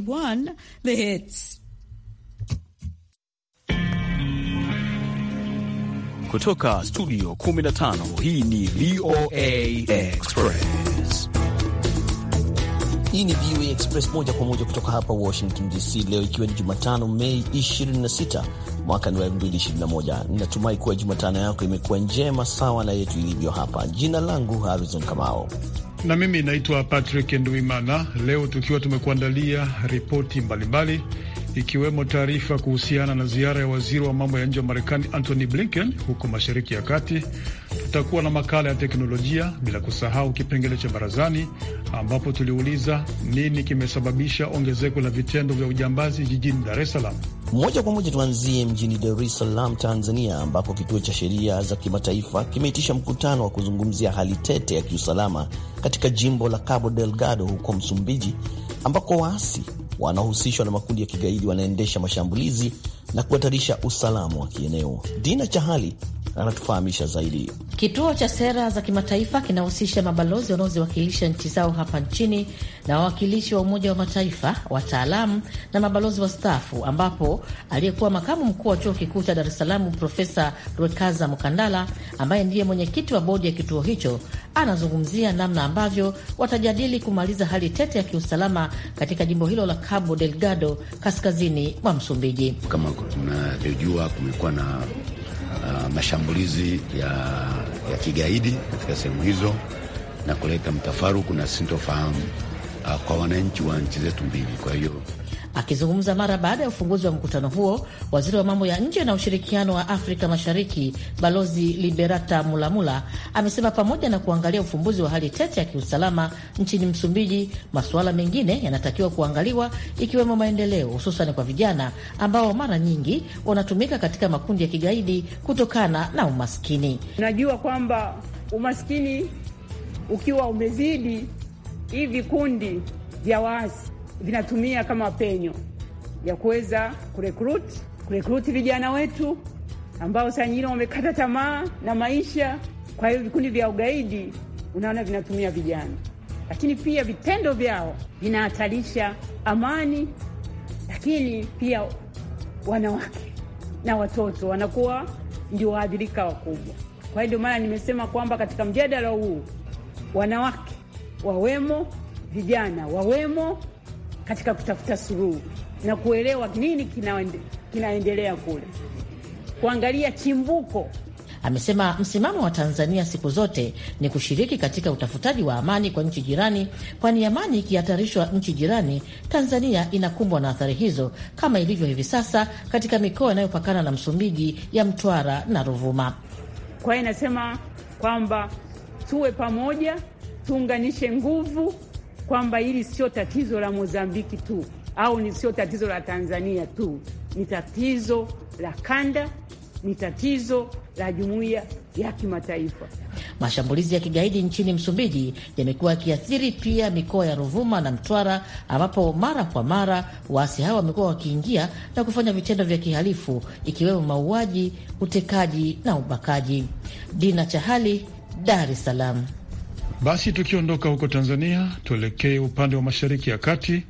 One, the hits. Kutoka studio 15 hii ni VOA Express. Hii ni VOA Express moja kwa moja kutoka hapa Washington DC, leo ikiwa ni Jumatano Mei 26 mwaka ni 2021. Ninatumai kuwa Jumatano yako imekuwa njema sawa na yetu ilivyo hapa. Jina langu Harrison Kamao na mimi naitwa Patrick Nduimana. Leo tukiwa tumekuandalia ripoti mbalimbali, ikiwemo taarifa kuhusiana na ziara ya waziri wa mambo ya nje wa Marekani Antony Blinken huko Mashariki ya Kati. Tutakuwa na makala ya teknolojia, bila kusahau kipengele cha barazani, ambapo tuliuliza nini kimesababisha ongezeko la vitendo vya ujambazi jijini Dar es Salaam. Moja kwa moja tuanzie mjini Dar es Salaam, Tanzania, ambako kituo cha sheria za kimataifa kimeitisha mkutano wa kuzungumzia hali tete ya kiusalama katika jimbo la Cabo Delgado huko Msumbiji, ambako waasi wanaohusishwa na makundi ya kigaidi wanaendesha mashambulizi na kuhatarisha usalama wa kieneo. Dina Chahali anatufahamisha zaidi. Kituo cha sera za kimataifa kinahusisha mabalozi wanaoziwakilisha nchi zao hapa nchini na wawakilishi wa Umoja wa Mataifa, wataalamu na mabalozi wastaafu, ambapo aliyekuwa makamu mkuu wa chuo kikuu cha Dar es Salaam Profesa Rwekaza Mukandala, ambaye ndiye mwenyekiti wa bodi ya kituo hicho, anazungumzia namna ambavyo watajadili kumaliza hali tete ya kiusalama katika jimbo hilo la Cabo Delgado, kaskazini mwa Msumbiji. Kama tunavyojua, kumekuwa na Uh, mashambulizi ya, ya kigaidi katika sehemu hizo na kuleta mtafaruku na sintofahamu uh, kwa wananchi wa nchi zetu mbili. Kwa hiyo Akizungumza mara baada ya ufunguzi wa mkutano huo, waziri wa mambo ya nje na ushirikiano wa Afrika Mashariki Balozi Liberata Mulamula amesema pamoja na kuangalia ufumbuzi wa hali tete ya kiusalama nchini Msumbiji, masuala mengine yanatakiwa kuangaliwa ikiwemo maendeleo, hususan kwa vijana ambao mara nyingi wanatumika katika makundi ya kigaidi kutokana na umaskini. Unajua kwamba umaskini ukiwa umezidi, hii vikundi vya waasi vinatumia kama penyo ya kuweza kurekrut kurekruti vijana wetu ambao saa nyingine wamekata tamaa na maisha. Kwa hiyo vikundi vya ugaidi unaona vinatumia vijana, lakini pia vitendo vyao vinahatarisha amani, lakini pia wanawake na watoto wanakuwa ndio waadhirika wakubwa. Kwa hiyo ndio maana nimesema kwamba katika mjadala huu wanawake wawemo, vijana wawemo, katika kutafuta suluhu na kuelewa nini kinaendelea kule, kuangalia chimbuko. Amesema msimamo wa Tanzania siku zote ni kushiriki katika utafutaji wa amani kwa nchi jirani, kwani amani ikihatarishwa nchi jirani, Tanzania inakumbwa na athari hizo, kama ilivyo hivi sasa katika mikoa inayopakana na Msumbiji ya Mtwara na Ruvuma. Kwa hiyo inasema kwamba tuwe pamoja, tuunganishe nguvu kwamba hili sio tatizo la Mozambiki tu au ni sio tatizo la Tanzania tu, ni tatizo la kanda, ni tatizo la jumuiya ya kimataifa. Mashambulizi ya kigaidi nchini Msumbiji yamekuwa yakiathiri pia mikoa ya Ruvuma na Mtwara, ambapo mara kwa mara waasi hao wamekuwa wakiingia na kufanya vitendo vya kihalifu ikiwemo mauaji, utekaji na ubakaji. Dina Chahali, Dar es Salaam. Basi tukiondoka huko Tanzania, tuelekee upande wa mashariki ya kati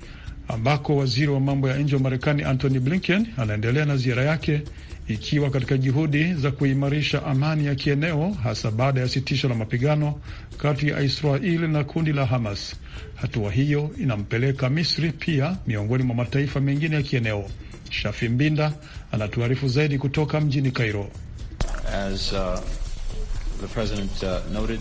ambako waziri wa mambo ya nje wa Marekani Antony Blinken anaendelea na ziara yake ikiwa katika juhudi za kuimarisha amani ya kieneo hasa baada ya sitisho la mapigano kati ya israel na kundi la Hamas. Hatua hiyo inampeleka Misri pia miongoni mwa mataifa mengine ya kieneo. Shafi Mbinda anatuarifu zaidi kutoka mjini cairo As, uh, the president, uh, noted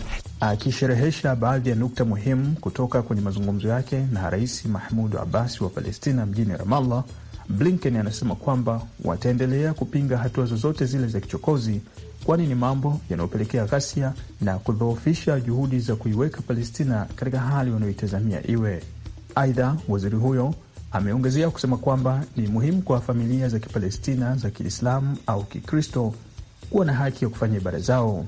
akisherehesha baadhi ya nukta muhimu kutoka kwenye mazungumzo yake na Rais Mahmud Abbas wa Palestina mjini Ramallah. Blinken anasema kwamba wataendelea kupinga hatua zozote zile za kichokozi, kwani ni mambo yanayopelekea ghasia na kudhoofisha juhudi za kuiweka Palestina katika hali wanayoitazamia iwe. Aidha, waziri huyo ameongezea kusema kwamba ni muhimu kwa familia za Kipalestina za Kiislamu au Kikristo kuwa na haki ya kufanya ibada zao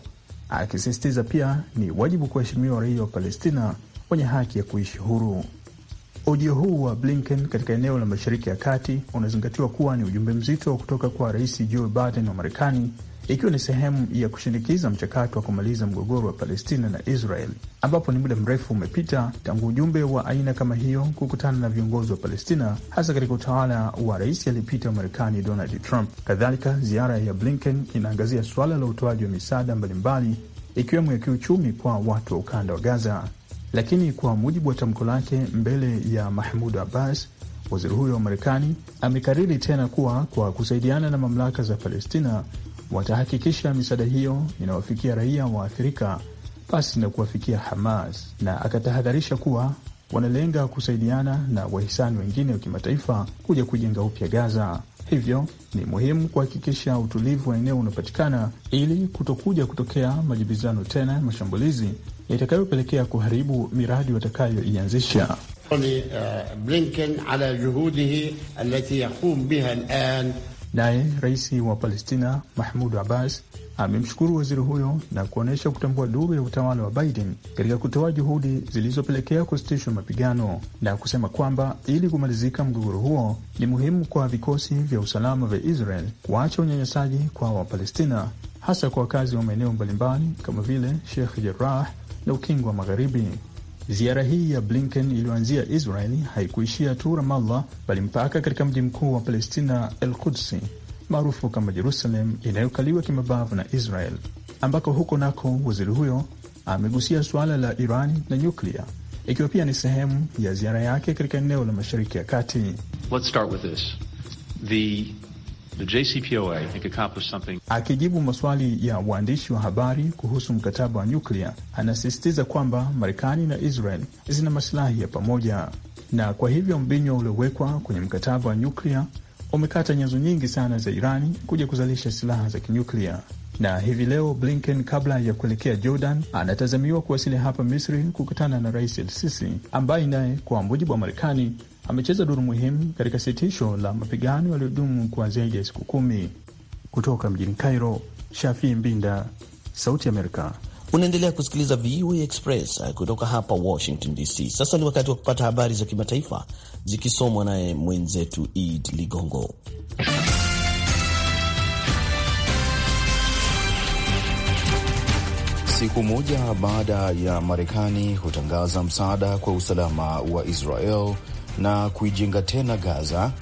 akisisitiza pia ni wajibu kuheshimiwa raia wa Palestina wenye haki ya kuishi huru. Ujio huu wa Blinken katika eneo la Mashariki ya Kati unazingatiwa kuwa ni ujumbe mzito kutoka kwa Rais Joe Biden wa Marekani ikiwa ni sehemu ya kushinikiza mchakato wa kumaliza mgogoro wa Palestina na Israel, ambapo ni muda mrefu umepita tangu ujumbe wa aina kama hiyo kukutana na viongozi wa Palestina, hasa katika utawala wa rais aliyepita wa Marekani Donald Trump. Kadhalika, ziara ya Blinken inaangazia suala la utoaji wa misaada mbalimbali ikiwemo ya kiuchumi kwa watu wa ukanda wa Gaza. Lakini kwa mujibu wa tamko lake mbele ya Mahmud Abbas, waziri huyo wa Marekani amekariri tena kuwa kwa kusaidiana na mamlaka za Palestina watahakikisha misaada hiyo inawafikia raia wa Afrika pasi na kuwafikia Hamas, na akatahadharisha kuwa wanalenga kusaidiana na wahisani wengine wa kimataifa kuja kujenga upya Gaza. Hivyo ni muhimu kuhakikisha utulivu wa eneo unapatikana ili kutokuja kutokea majibizano tena ya mashambulizi yatakayopelekea kuharibu miradi watakayoianzisha. Uh, Blinken ala juhudihi alati biha Naye rais wa Palestina Mahmud Abbas amemshukuru waziri huyo na kuonyesha kutambua duru ya utawala wa Biden katika kutoa juhudi zilizopelekea kusitishwa mapigano na kusema kwamba ili kumalizika mgogoro huo ni muhimu kwa vikosi vya usalama vya Israel kuacha unyanyasaji kwa Wapalestina, hasa kwa wakazi wa maeneo mbalimbali kama vile Sheikh Jarrah na Ukingo wa Magharibi. Ziara hii ya Blinken iliyoanzia israel haikuishia tu Ramallah, bali mpaka katika mji mkuu wa Palestina, el Kudsi maarufu kama Jerusalem, inayokaliwa kimabavu na Israel, ambako huko nako waziri huyo amegusia suala la iran na nyuklia, ikiwa pia ni sehemu ya ziara yake katika eneo la Mashariki ya Kati. Let's start with this. The The JCPOA, think, accomplished something. Akijibu maswali ya waandishi wa habari kuhusu mkataba wa nyuklia, anasisitiza kwamba Marekani na Israel zina masilahi ya pamoja, na kwa hivyo mbinywa uliowekwa kwenye mkataba wa nyuklia umekata nyenzo nyingi sana za Irani kuja kuzalisha silaha za kinyuklia. Na hivi leo Blinken, kabla ya kuelekea Jordan, anatazamiwa kuwasili hapa Misri kukutana na Rais El Sisi ambaye naye kwa mujibu wa Marekani amecheza duru muhimu katika sitisho la mapigano yaliyodumu kwa zaidi ya siku kumi. Kutoka mjini Cairo, Shafii Mbinda, Sauti Amerika. Unaendelea kusikiliza VOA Express eh, kutoka hapa Washington DC. Sasa ni wakati wa kupata habari za kimataifa zikisomwa naye mwenzetu Ed Ligongo. Siku moja baada ya Marekani kutangaza msaada kwa usalama wa Israel na kuijenga tena Gaza.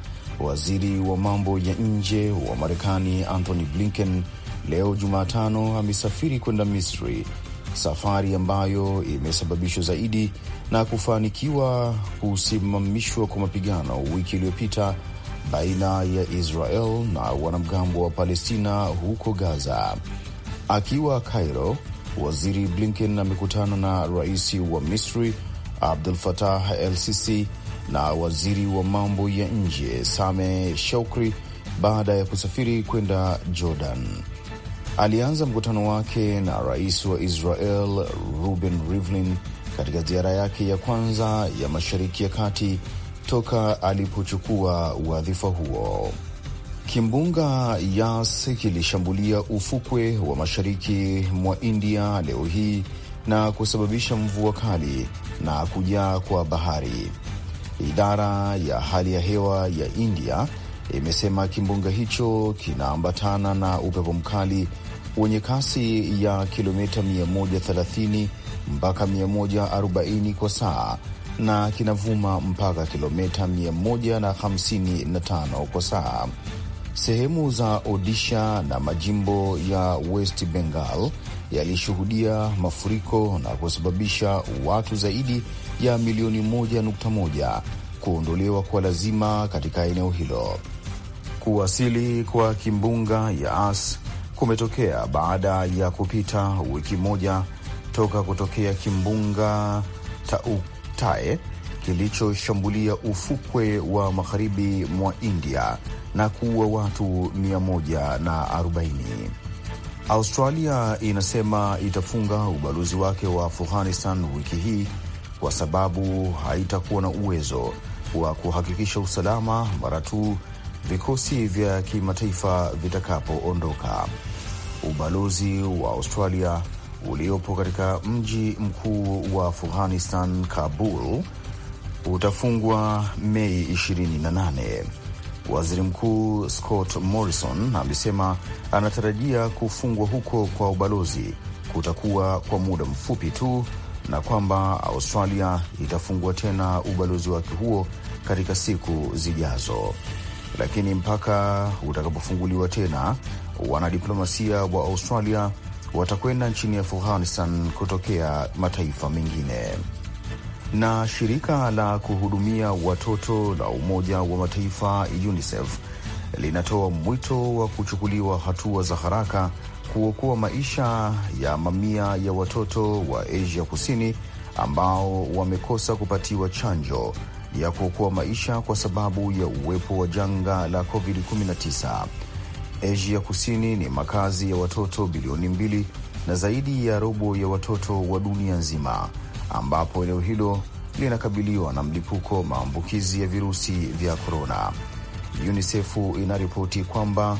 Waziri wa mambo ya nje wa Marekani Anthony Blinken leo Jumatano amesafiri kwenda Misri, safari ambayo imesababishwa zaidi na kufanikiwa kusimamishwa kwa mapigano wiki iliyopita baina ya Israel na wanamgambo wa Palestina huko Gaza. Akiwa Cairo, Waziri Blinken amekutana na rais wa Misri Abdul Fatah El Sisi na waziri wa mambo ya nje same Shoukry baada ya kusafiri kwenda Jordan. Alianza mkutano wake na rais wa Israel Ruben Rivlin katika ziara yake ya kwanza ya Mashariki ya Kati toka alipochukua wadhifa huo. Kimbunga Yas kilishambulia ufukwe wa mashariki mwa India leo hii na kusababisha mvua kali na kujaa kwa bahari. Idara ya hali ya hewa ya India imesema kimbunga hicho kinaambatana na upepo mkali wenye kasi ya kilomita 130 mpaka 140 kwa saa na kinavuma mpaka kilomita 155 kwa saa. Sehemu za Odisha na majimbo ya West Bengal yalishuhudia mafuriko na kusababisha watu zaidi ya milioni 1.1 kuondolewa kwa lazima katika eneo hilo. Kuwasili kwa kimbunga Yaas kumetokea baada ya kupita wiki moja toka kutokea kimbunga Tauktae kilichoshambulia ufukwe wa magharibi mwa India na kuua watu 140. Australia inasema itafunga ubalozi wake wa Afghanistan wiki hii kwa sababu haitakuwa na uwezo wa kuhakikisha usalama mara tu vikosi vya kimataifa vitakapoondoka. Ubalozi wa Australia uliopo katika mji mkuu wa Afghanistan, Kabul, utafungwa Mei 28. Waziri Mkuu Scott Morrison amesema anatarajia kufungwa huko kwa ubalozi kutakuwa kwa muda mfupi tu na kwamba Australia itafungua tena ubalozi wake huo katika siku zijazo, lakini mpaka utakapofunguliwa tena, wanadiplomasia wa Australia watakwenda nchini Afghanistan kutokea mataifa mengine. Na shirika la kuhudumia watoto la Umoja wa Mataifa UNICEF linatoa mwito wa kuchukuliwa hatua za haraka kuokoa maisha ya mamia ya watoto wa Asia Kusini ambao wamekosa kupatiwa chanjo ya kuokoa maisha kwa sababu ya uwepo wa janga la COVID-19. Asia Kusini ni makazi ya watoto bilioni mbili na zaidi ya robo ya watoto wa dunia nzima, ambapo eneo hilo linakabiliwa na mlipuko maambukizi ya virusi vya korona. UNICEF inaripoti kwamba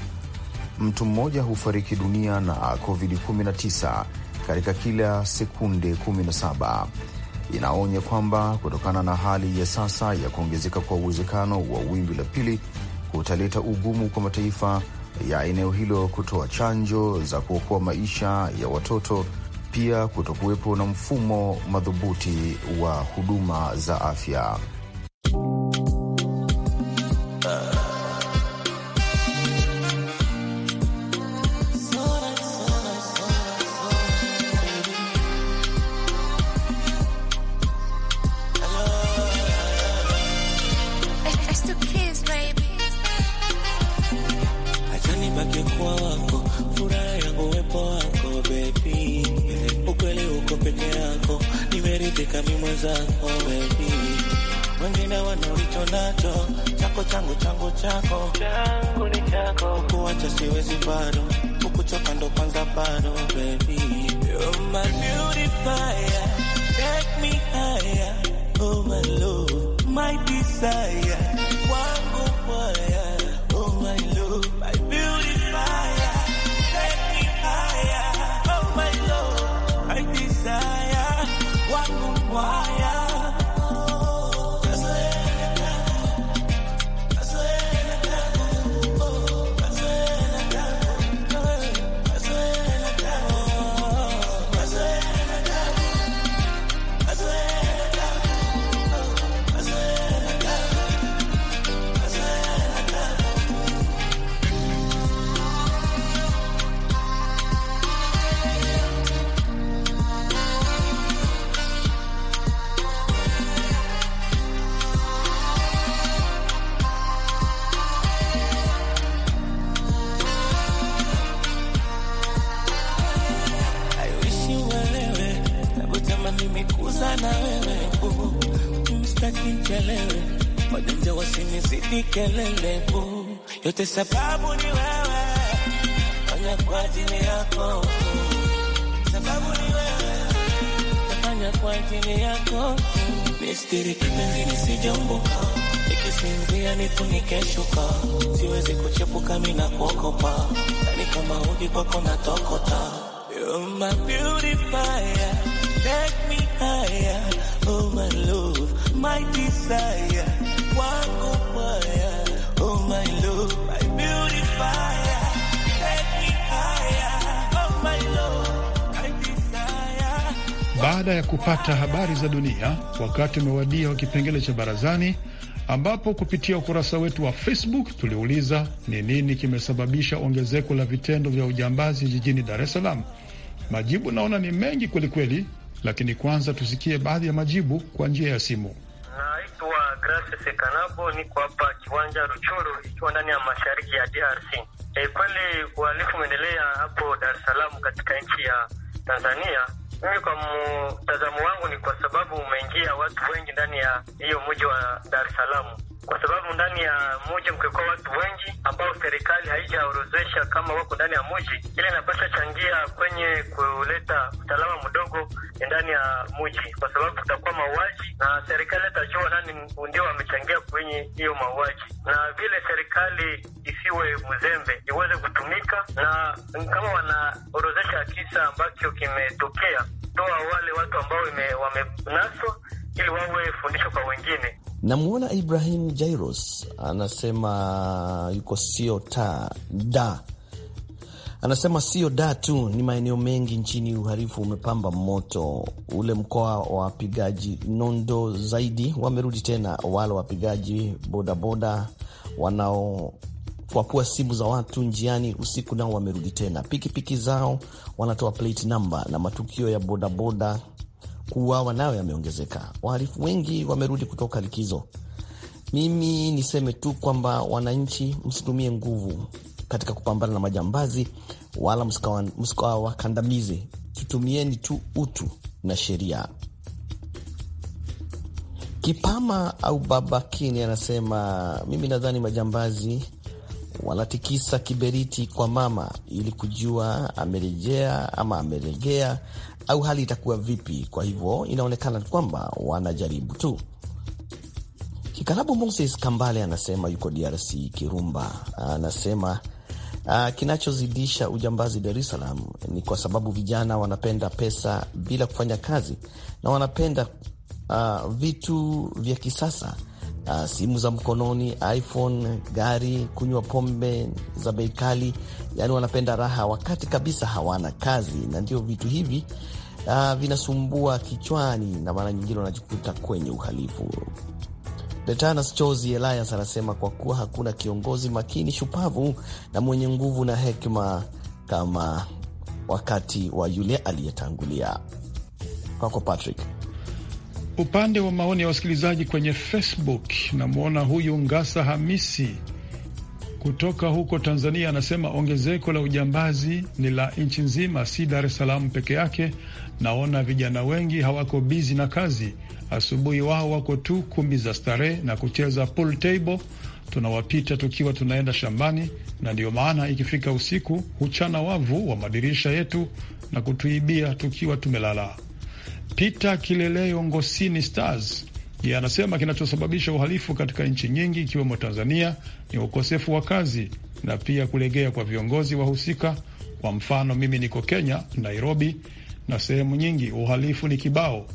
mtu mmoja hufariki dunia na COVID-19 katika kila sekunde 17. Inaonya kwamba kutokana na hali ya sasa ya kuongezeka kwa uwezekano wa wimbi la pili kutaleta ugumu kwa mataifa ya eneo hilo kutoa chanjo za kuokoa maisha ya watoto, pia kutokuwepo na mfumo madhubuti wa huduma za afya. si sababu ni wewe, fanya kwa ajili yako, sababu ni wewe, fanya kwa ajili yako. Nistiri kipenzi nisijambuka, nikisinzia nifunike shuka, siwezi kuchepuka mimi na kuokopa ni yaani kama uji kwako natokota. You're my beautifier, take me higher, oh my love, my desire, wako mbaya baada ya kupata habari za dunia, wakati umewadia wa kipengele cha barazani, ambapo kupitia ukurasa wetu wa Facebook tuliuliza ni nini kimesababisha ongezeko la vitendo vya ujambazi jijini Dar es Salaam. Majibu naona ni mengi kwelikweli, lakini kwanza tusikie baadhi ya majibu kwa njia ya simu. Naitwa Grace Sekanabo, niko hapa kiwanja Ruchuru, ikiwa ndani ya mashariki ya DRC. E, eh, kweli uhalifu umeendelea hapo Dar es Salaam katika nchi ya Tanzania mimi kwa mtazamo wangu ni kwa sababu umeingia watu wengi ndani ya hiyo mji wa Dar es Salaam, kwa sababu ndani ya mji mkikuwa watu wengi ambao serikali haijaorozesha kama wako ndani ya mji, ile inapasha changia kwenye kuleta usalama mdogo ndani ya mji kwa sababu kutakuwa mauaji na serikali atajua nani ndio wamechangia kwenye hiyo mauaji, na vile serikali isiwe mzembe, iweze kutumika, na kama wanaorozesha kisa ambacho kimetokea, toa wale watu ambao wamenaswa ili wawe fundisho kwa wengine. Namwona Ibrahim Jairos anasema yuko sio ta da Anasema sio da tu, ni maeneo mengi nchini uhalifu umepamba moto. Ule mkoa wa wapigaji nondo zaidi wamerudi tena, wale wapigaji bodaboda wanao kwapua simu za watu njiani usiku nao wamerudi tena, pikipiki zao wanatoa plate number, na matukio ya bodaboda kuuawa nayo yameongezeka. Wahalifu wengi wamerudi kutoka likizo. Mimi niseme tu kwamba wananchi, msitumie nguvu katika kupambana na majambazi, wala msikawakandamize. Tutumieni tu utu na sheria. Kipama au Babakini anasema mimi nadhani majambazi wanatikisa kiberiti kwa mama ili kujua amerejea ama ameregea au hali itakuwa vipi. Kwa hivyo inaonekana kwamba wanajaribu tu. Kikalabu Moses Kambale anasema yuko DRC Kirumba, anasema uh, kinachozidisha ujambazi Dar es Salaam ni kwa sababu vijana wanapenda pesa bila kufanya kazi na wanapenda uh, vitu vya kisasa Uh, simu za mkononi, iPhone, gari, kunywa pombe za bei kali, yaani wanapenda raha wakati kabisa hawana kazi, na ndio vitu hivi uh, vinasumbua kichwani na mara nyingine wanajikuta kwenye uhalifu. Detanas Chozi Elias anasema kwa kuwa hakuna kiongozi makini, shupavu na mwenye nguvu na hekima kama wakati wa yule aliyetangulia. Kwako Patrick. Upande wa maoni ya wasikilizaji kwenye Facebook, namwona huyu Ngasa Hamisi kutoka huko Tanzania anasema ongezeko la ujambazi ni la nchi nzima, si Dar es Salaam peke yake. Naona vijana wengi hawako bizi na kazi, Asubuhi wao wako tu kumbi za starehe na kucheza pool table, tunawapita tukiwa tunaenda shambani, na ndiyo maana ikifika usiku huchana wavu wa madirisha yetu na kutuibia tukiwa tumelala. Peter Kileleo Ngosini Stars yeye anasema kinachosababisha uhalifu katika nchi nyingi ikiwemo Tanzania ni ukosefu wa kazi na pia kulegea kwa viongozi wahusika. Kwa mfano, mimi niko Kenya, Nairobi, na sehemu nyingi uhalifu ni kibao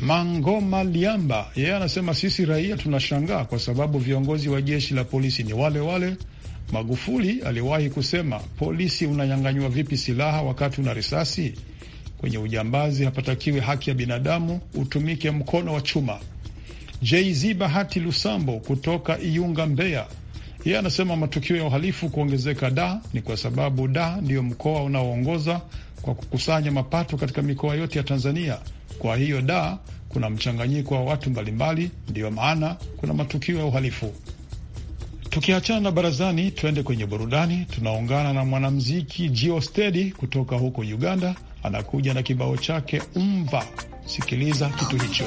Mangoma Liamba yeye anasema sisi raia tunashangaa kwa sababu viongozi wa jeshi la polisi ni wale wale. Magufuli aliwahi kusema, polisi unanyang'anywa vipi silaha wakati una risasi? Kwenye ujambazi hapatakiwi haki ya binadamu, utumike mkono wa chuma. JZ Bahati Lusambo kutoka Iunga, Mbeya, yeye anasema matukio ya uhalifu kuongezeka da ni kwa sababu da ndiyo mkoa unaoongoza kwa kukusanya mapato katika mikoa yote ya Tanzania kwa hiyo da kuna mchanganyiko wa watu mbalimbali, ndiyo maana kuna matukio ya uhalifu. Tukiachana na barazani, twende kwenye burudani. Tunaungana na mwanamziki jiostedi kutoka huko Uganda, anakuja na kibao chake Umva. Sikiliza kitu hicho.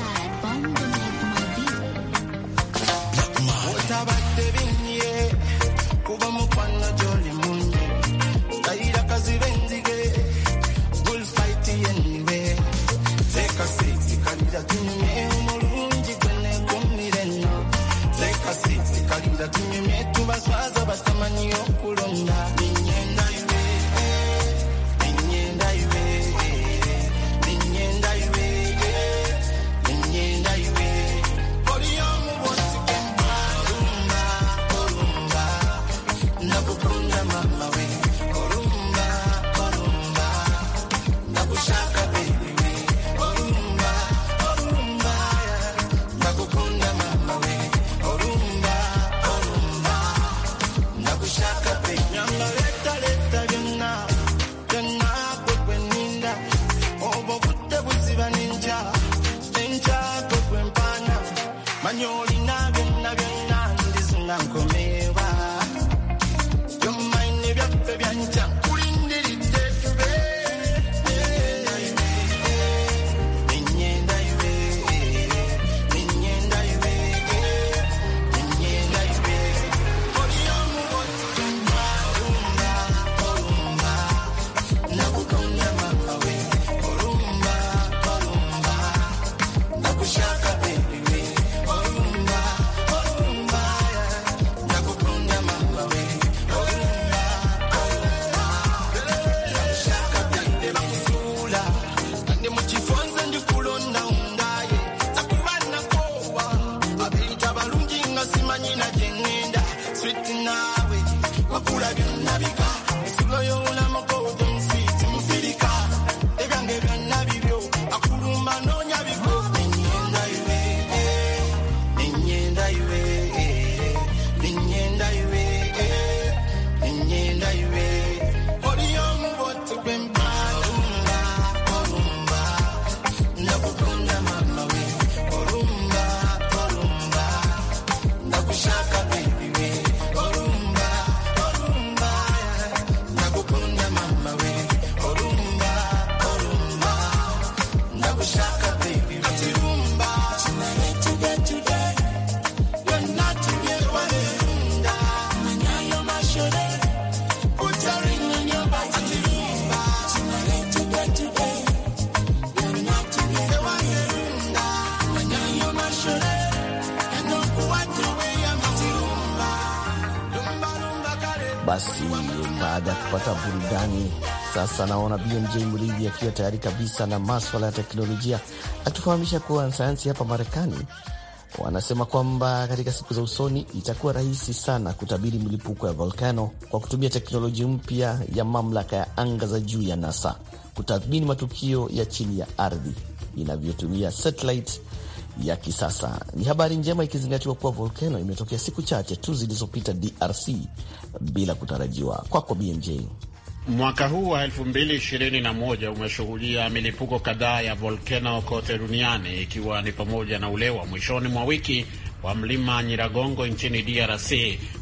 Basi baada ya kupata burudani, sasa naona BMJ Mridhi akiwa tayari kabisa na maswala ya teknolojia, akifahamisha kuwa wanasayansi hapa Marekani wanasema kwamba katika siku za usoni itakuwa rahisi sana kutabiri milipuko ya volkano kwa kutumia teknolojia mpya ya mamlaka ya anga za juu ya NASA kutathmini matukio ya chini ya ardhi inavyotumia satellite ya kisasa. Ni habari njema ikizingatiwa kuwa volkano imetokea siku chache tu zilizopita DRC, bila kutarajiwa. Kwako BMJ. Mwaka huu wa 2021 umeshuhudia milipuko kadhaa ya volkano kote duniani ikiwa ni pamoja na ule wa mwishoni mwa wiki wa mlima Nyiragongo nchini DRC.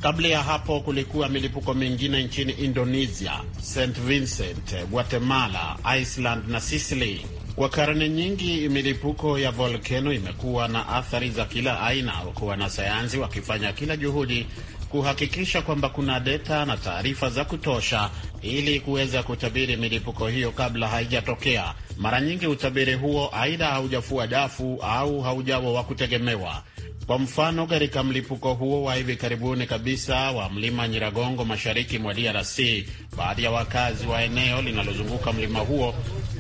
Kabla ya hapo kulikuwa milipuko mingine nchini Indonesia, St Vincent, Guatemala, Iceland na Sicily. Kwa karne nyingi milipuko ya volkano imekuwa na athari za kila aina, huku wanasayansi wakifanya kila juhudi kuhakikisha kwamba kuna deta na taarifa za kutosha ili kuweza kutabiri milipuko hiyo kabla haijatokea. Mara nyingi utabiri huo aidha haujafua dafu au haujawa wa kutegemewa. Kwa mfano, katika mlipuko huo wa hivi karibuni kabisa wa mlima Nyiragongo mashariki mwa DRC, baadhi ya wakazi wa eneo linalozunguka mlima huo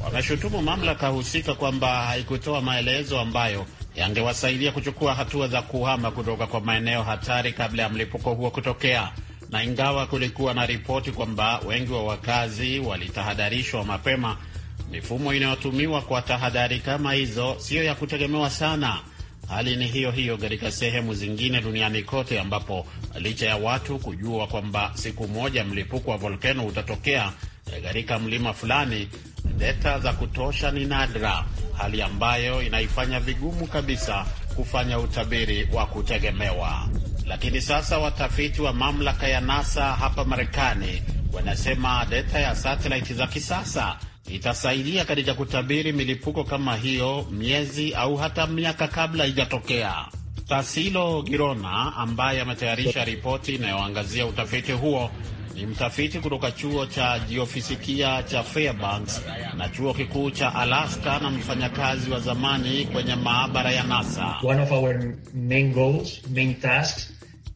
wameshutumu mamlaka husika kwamba haikutoa maelezo ambayo yangewasaidia kuchukua hatua za kuhama kutoka kwa maeneo hatari kabla ya mlipuko huo kutokea. Na ingawa kulikuwa na ripoti kwamba wengi wa wakazi walitahadharishwa mapema, mifumo inayotumiwa kwa tahadhari kama hizo siyo ya kutegemewa sana. Hali ni hiyo hiyo katika sehemu zingine duniani kote, ambapo licha ya watu kujua kwamba siku moja mlipuko wa volkeno utatokea eh, katika mlima fulani, deta za kutosha ni nadra hali ambayo inaifanya vigumu kabisa kufanya utabiri wa kutegemewa. Lakini sasa watafiti wa mamlaka ya NASA hapa Marekani wanasema deta ya satelaiti za kisasa itasaidia katika kutabiri milipuko kama hiyo miezi au hata miaka kabla ijatokea. Tasilo Girona ambaye ametayarisha ripoti inayoangazia utafiti huo ni mtafiti kutoka chuo cha jiofisikia cha Fairbanks na chuo kikuu cha Alaska na mfanyakazi wa zamani kwenye maabara ya NASA. One of our main goals, main tasks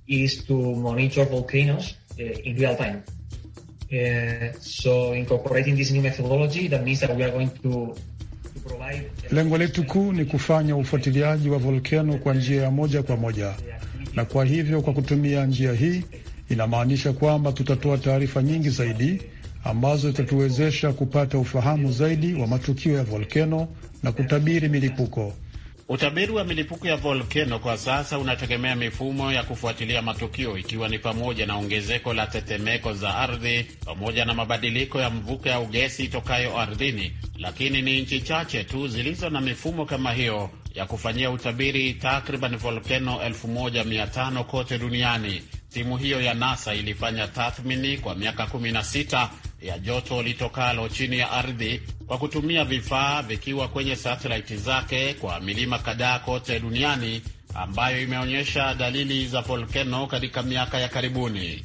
is to monitor volcanoes uh, in real time. Uh, so incorporating this new methodology that means that we are going to Lengo letu kuu ni kufanya ufuatiliaji wa volkeno kwa njia ya moja kwa moja, na kwa hivyo, kwa kutumia njia hii Inamaanisha kwamba tutatoa taarifa nyingi zaidi ambazo zitatuwezesha kupata ufahamu zaidi wa matukio ya volkeno na kutabiri milipuko. Utabiri wa milipuko ya volkeno kwa sasa unategemea mifumo ya kufuatilia matukio ikiwa ni pamoja na ongezeko la tetemeko za ardhi pamoja na mabadiliko ya mvuke au gesi itokayo ardhini, lakini ni nchi chache tu zilizo na mifumo kama hiyo ya kufanyia utabiri takriban volkeno 1500 kote duniani Timu hiyo ya NASA ilifanya tathmini kwa miaka 16 ya joto litokalo chini ya ardhi kwa kutumia vifaa vikiwa kwenye satelaiti zake kwa milima kadhaa kote duniani ambayo imeonyesha dalili za volkeno katika miaka ya karibuni.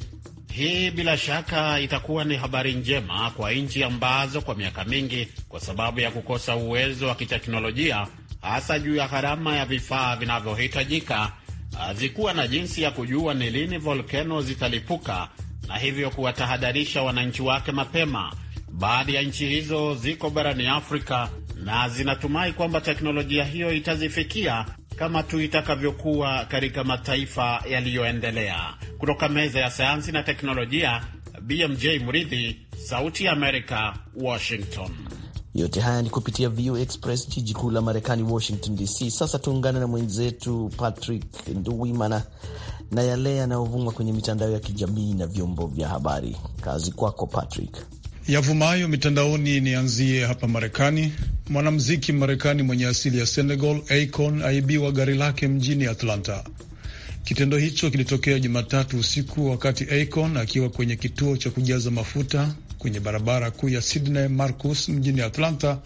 Hii bila shaka itakuwa ni habari njema kwa nchi ambazo kwa miaka mingi, kwa sababu ya kukosa uwezo wa kiteknolojia, hasa juu ya gharama ya vifaa vinavyohitajika, hazikuwa na jinsi ya kujua ni lini volkeno zitalipuka na hivyo kuwatahadharisha wananchi wake mapema. Baadhi ya nchi hizo ziko barani Afrika na zinatumai kwamba teknolojia hiyo itazifikia kama tu itakavyokuwa katika mataifa yaliyoendelea. Kutoka meza ya sayansi na teknolojia, BMJ Mridhi, Sauti ya Amerika, Washington. Yote haya ni kupitia VOA Express, jiji kuu la Marekani, Washington DC. Sasa tuungane na mwenzetu Patrick Nduwimana na yale yanayovuma kwenye mitandao ya kijamii na vyombo vya habari. Kazi kwako Patrick. Yavumayo mitandaoni, nianzie hapa Marekani. Mwanamziki Marekani mwenye asili ya Senegal, Akon aibiwa gari lake mjini Atlanta. Kitendo hicho kilitokea Jumatatu usiku wakati Akon akiwa kwenye kituo cha kujaza mafuta kwenye barabara kuu ya Sydney Marcus mjini Atlanta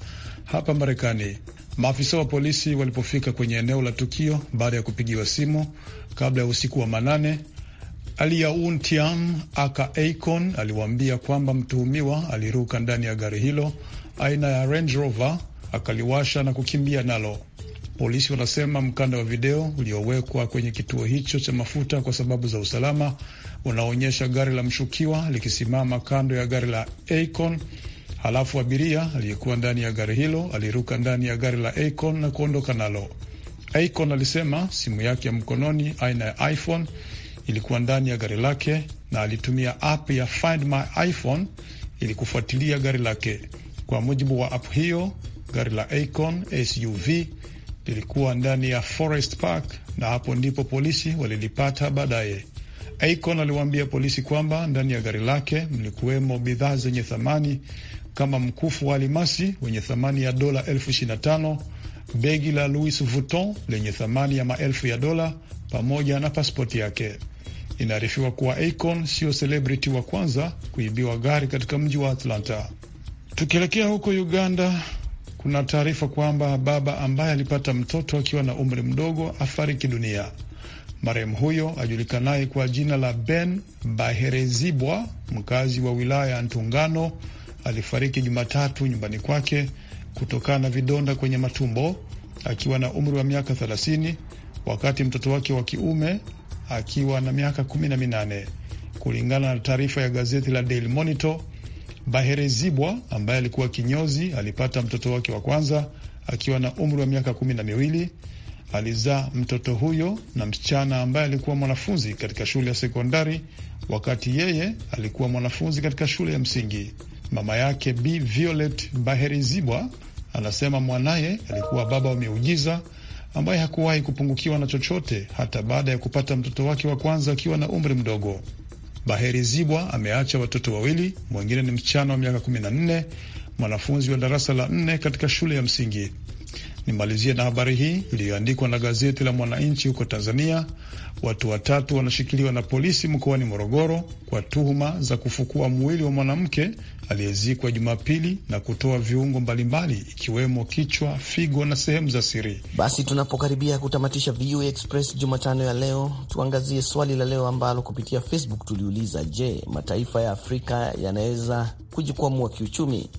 hapa Marekani. Maafisa wa polisi walipofika kwenye eneo la tukio baada ya kupigiwa simu kabla ya usiku wa manane, Aliaun Tiam aka Akon aliwaambia kwamba mtuhumiwa aliruka ndani ya gari hilo aina ya Range Rover akaliwasha na kukimbia nalo. Polisi wanasema mkanda wa video uliowekwa kwenye kituo hicho cha mafuta kwa sababu za usalama unaonyesha gari la mshukiwa likisimama kando ya gari la Acon, halafu abiria aliyekuwa ndani ya gari hilo aliruka ndani ya gari la acon na kuondoka nalo. Acon alisema simu yake ya mkononi aina ya iPhone ilikuwa ndani ya gari lake na alitumia app ya Find My iPhone ili kufuatilia gari lake. Kwa mujibu wa app hiyo, gari la Acon SUV lilikuwa ndani ya Forest Park na hapo ndipo polisi walilipata baadaye. Akon aliwaambia polisi kwamba ndani ya gari lake mlikuwemo bidhaa zenye thamani kama mkufu wa alimasi wenye thamani ya dola elfu ishirini na tano, begi la Louis Vuitton lenye thamani ya maelfu ya dola pamoja na paspoti yake. Inaarifiwa kuwa Akon siyo celebrity wa kwanza kuibiwa gari katika mji wa Atlanta. Tukielekea huko Uganda, kuna taarifa kwamba baba ambaye alipata mtoto akiwa na umri mdogo afariki dunia. Marehemu huyo ajulikanaye kwa jina la Ben Baherezibwa, mkazi wa wilaya ya Ntungano, alifariki Jumatatu nyumbani kwake kutokana na vidonda kwenye matumbo akiwa na umri wa miaka 30, wakati mtoto wake wa kiume akiwa na miaka 18, kulingana na taarifa ya gazeti la Daily Monitor. Bahere Zibwa ambaye alikuwa kinyozi alipata mtoto wake wa kwanza akiwa na umri wa miaka kumi na miwili. Alizaa mtoto huyo na msichana ambaye alikuwa mwanafunzi katika shule ya sekondari, wakati yeye alikuwa mwanafunzi katika shule ya msingi. Mama yake Bi Violet Baheri Zibwa anasema mwanaye alikuwa baba wa miujiza ambaye hakuwahi kupungukiwa na chochote hata baada ya kupata mtoto wake wa kwanza akiwa na umri mdogo. Baheri Zibwa ameacha watoto wawili, mwingine ni msichana wa miaka 14, mwanafunzi wa darasa la nne katika shule ya msingi. Nimalizie na habari hii iliyoandikwa na gazeti la Mwananchi huko Tanzania. Watu watatu wanashikiliwa na polisi mkoani Morogoro kwa tuhuma za kufukua mwili wa mwanamke aliyezikwa Jumapili na kutoa viungo mbalimbali ikiwemo kichwa, figo na sehemu za siri. Basi tunapokaribia kutamatisha VOA Express Jumatano ya leo, tuangazie swali la leo ambalo kupitia Facebook tuliuliza: Je, mataifa ya Afrika yanaweza kujikwamua kiuchumi?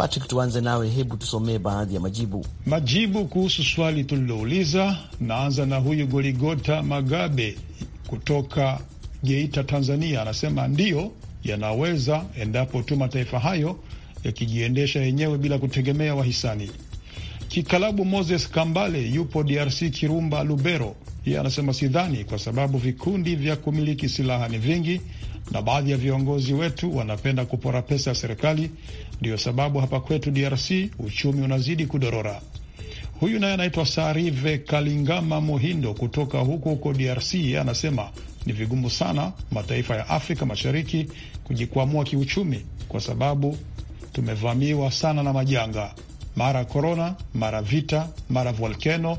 Patrick, tuanze nawe, hebu tusomee baadhi ya majibu majibu kuhusu swali tulilouliza. Naanza na huyu Goligota Magabe kutoka Geita, Tanzania, anasema ndiyo, yanaweza endapo tu mataifa hayo yakijiendesha yenyewe bila kutegemea wahisani. Kikalabu Moses Kambale yupo DRC, Kirumba, Lubero, yeye anasema sidhani, kwa sababu vikundi vya kumiliki silaha ni vingi na baadhi ya viongozi wetu wanapenda kupora pesa ya serikali. Ndiyo sababu hapa kwetu DRC uchumi unazidi kudorora. Huyu naye anaitwa Sarive Kalingama Muhindo kutoka huko huko DRC. Anasema ni vigumu sana mataifa ya Afrika Mashariki kujikwamua kiuchumi kwa sababu tumevamiwa sana na majanga, mara korona, mara vita, mara volkeno.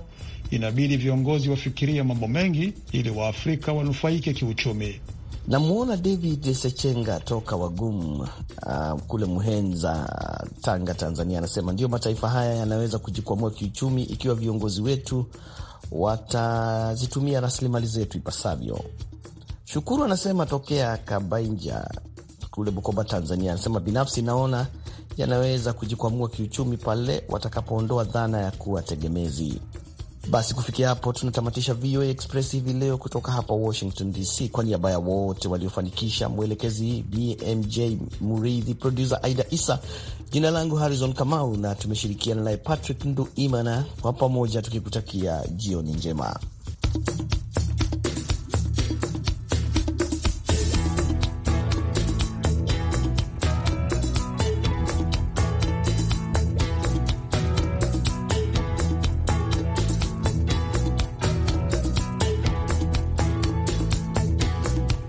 Inabidi viongozi wafikirie mambo mengi ili Waafrika wanufaike kiuchumi. Namwona David Sechenga toka Wagumu uh, ah, kule Muhenza, Tanga, Tanzania, anasema ndio mataifa haya yanaweza kujikwamua kiuchumi ikiwa viongozi wetu watazitumia rasilimali zetu ipasavyo. Shukuru anasema tokea Kabainja kule Bukoba, Tanzania, anasema binafsi naona yanaweza kujikwamua kiuchumi pale watakapoondoa dhana ya kuwa tegemezi. Basi kufikia hapo tunatamatisha VOA Express hivi leo kutoka hapa Washington DC. Kwa niaba ya wote waliofanikisha, mwelekezi BMJ Muridhi, producer Aida Isa, jina langu Harrison Kamau na tumeshirikiana naye Patrick Nduimana, kwa pamoja tukikutakia jioni njema.